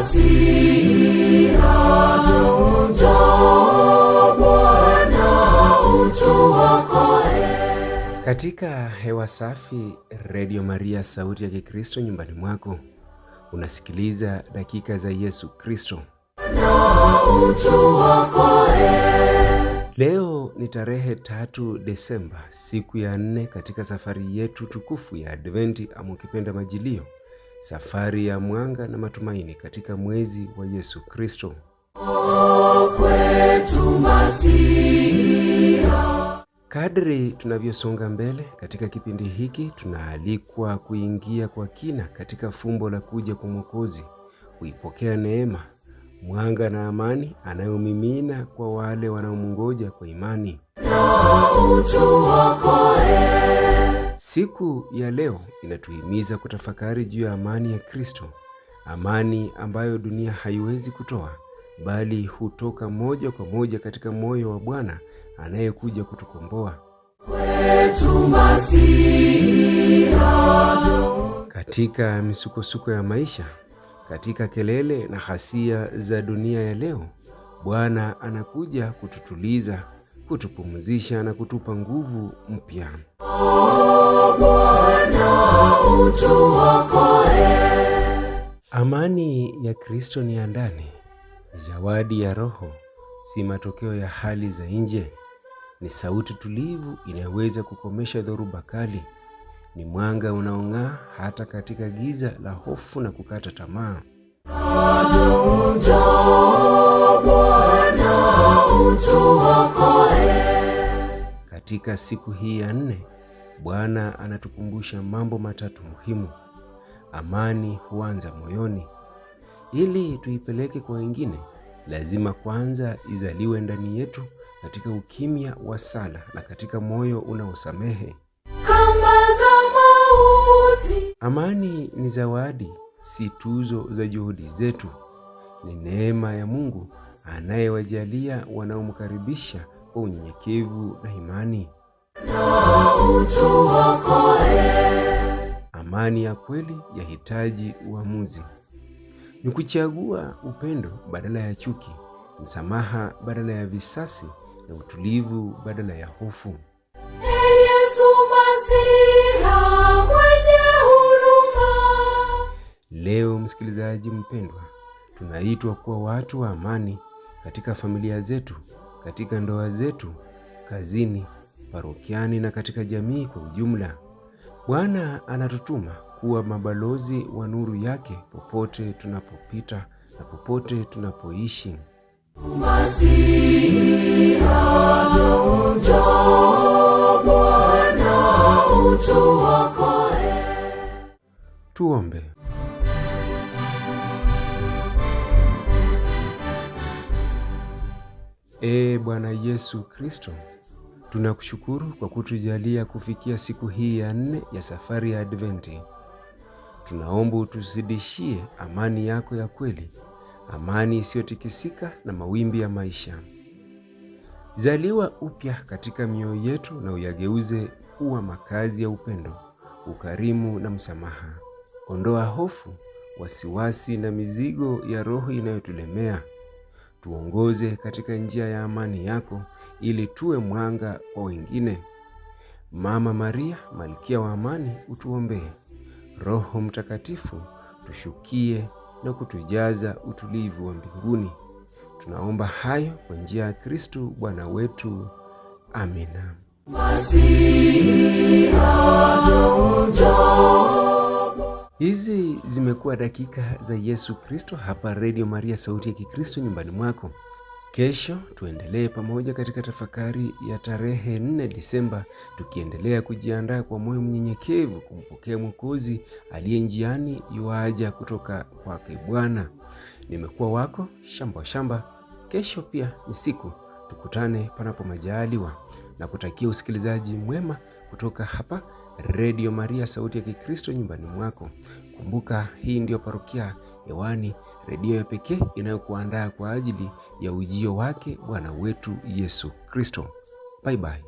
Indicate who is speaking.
Speaker 1: Masiha, Bwana utuokoe. Eh. Katika hewa safi, redio Maria, sauti ya Kikristo nyumbani mwako, unasikiliza dakika za Yesu Kristo. Eh. Leo ni tarehe tatu Desemba, siku ya nne katika safari yetu tukufu ya Adventi ama ukipenda majilio safari ya mwanga na matumaini katika mwezi wa Yesu Kristo. Kadri tunavyosonga mbele katika kipindi hiki, tunaalikwa kuingia kwa kina katika fumbo la kuja kwa Mwokozi, kuipokea neema, mwanga na amani anayomimina kwa wale wanaomngoja kwa imani na utu wakoe ee. Siku ya leo inatuhimiza kutafakari juu ya amani ya Kristo, amani ambayo dunia haiwezi kutoa, bali hutoka moja kwa moja katika moyo wa Bwana anayekuja kutukomboa Katika misukosuko ya maisha, katika kelele na hasia za dunia ya leo, Bwana anakuja kututuliza, kutupumzisha na kutupa nguvu mpya. Amani ya Kristo ni ya ndani, zawadi ya Roho, si matokeo ya hali za nje. Ni sauti tulivu inayoweza kukomesha dhoruba kali, ni mwanga unaong'aa hata katika giza la hofu na kukata tamaa. Katika siku hii ya nne Bwana anatukumbusha mambo matatu muhimu. Amani huanza moyoni. Ili tuipeleke kwa wengine, lazima kwanza izaliwe ndani yetu, katika ukimya wa sala na katika moyo unaosamehe. Amani ni zawadi, si tuzo za juhudi zetu. Ni neema ya Mungu anayewajalia wanaomkaribisha kwa unyenyekevu na imani na utuokoe. Eh. Amani ya kweli yahitaji uamuzi, ni kuchagua upendo badala ya chuki, msamaha badala ya visasi, na utulivu badala ya hofu. E Yesu Masiha mwenye huruma. Leo msikilizaji mpendwa, tunaitwa kuwa watu wa amani katika familia zetu, katika ndoa zetu, kazini parokiani na katika jamii kwa ujumla. Bwana anatutuma kuwa mabalozi wa nuru yake popote tunapopita na popote tunapoishi. Tuombe. Ee Bwana Yesu Kristo Tunakushukuru kwa kutujalia kufikia siku hii ya nne ya safari ya Adventi. Tunaomba utuzidishie amani yako ya kweli, amani isiyotikisika na mawimbi ya maisha. Zaliwa upya katika mioyo yetu na uyageuze kuwa makazi ya upendo, ukarimu na msamaha. Ondoa hofu, wasiwasi na mizigo ya roho inayotulemea tuongoze katika njia ya amani yako, ili tuwe mwanga kwa wengine. Mama Maria, malkia wa amani, utuombee. Roho Mtakatifu, tushukie na kutujaza utulivu wa mbinguni. Tunaomba hayo kwa njia ya Kristu Bwana wetu. Amina. Masihi aja, njoo Hizi zimekuwa dakika za Yesu Kristo hapa Radio Maria, sauti ya Kikristo nyumbani mwako. Kesho tuendelee pamoja katika tafakari ya tarehe 4 Disemba, tukiendelea kujiandaa kwa moyo mnyenyekevu kumpokea Mwokozi aliye njiani yuaja kutoka kwake Bwana. Nimekuwa wako Shamba wa Shamba. Kesho pia ni siku, tukutane panapo majaliwa, na kutakia usikilizaji mwema kutoka hapa Redio Maria, sauti ya Kikristo nyumbani mwako. Kumbuka, hii ndiyo parokia hewani, redio ya pekee inayokuandaa kwa ajili ya ujio wake Bwana wetu Yesu Kristo. Bye bye.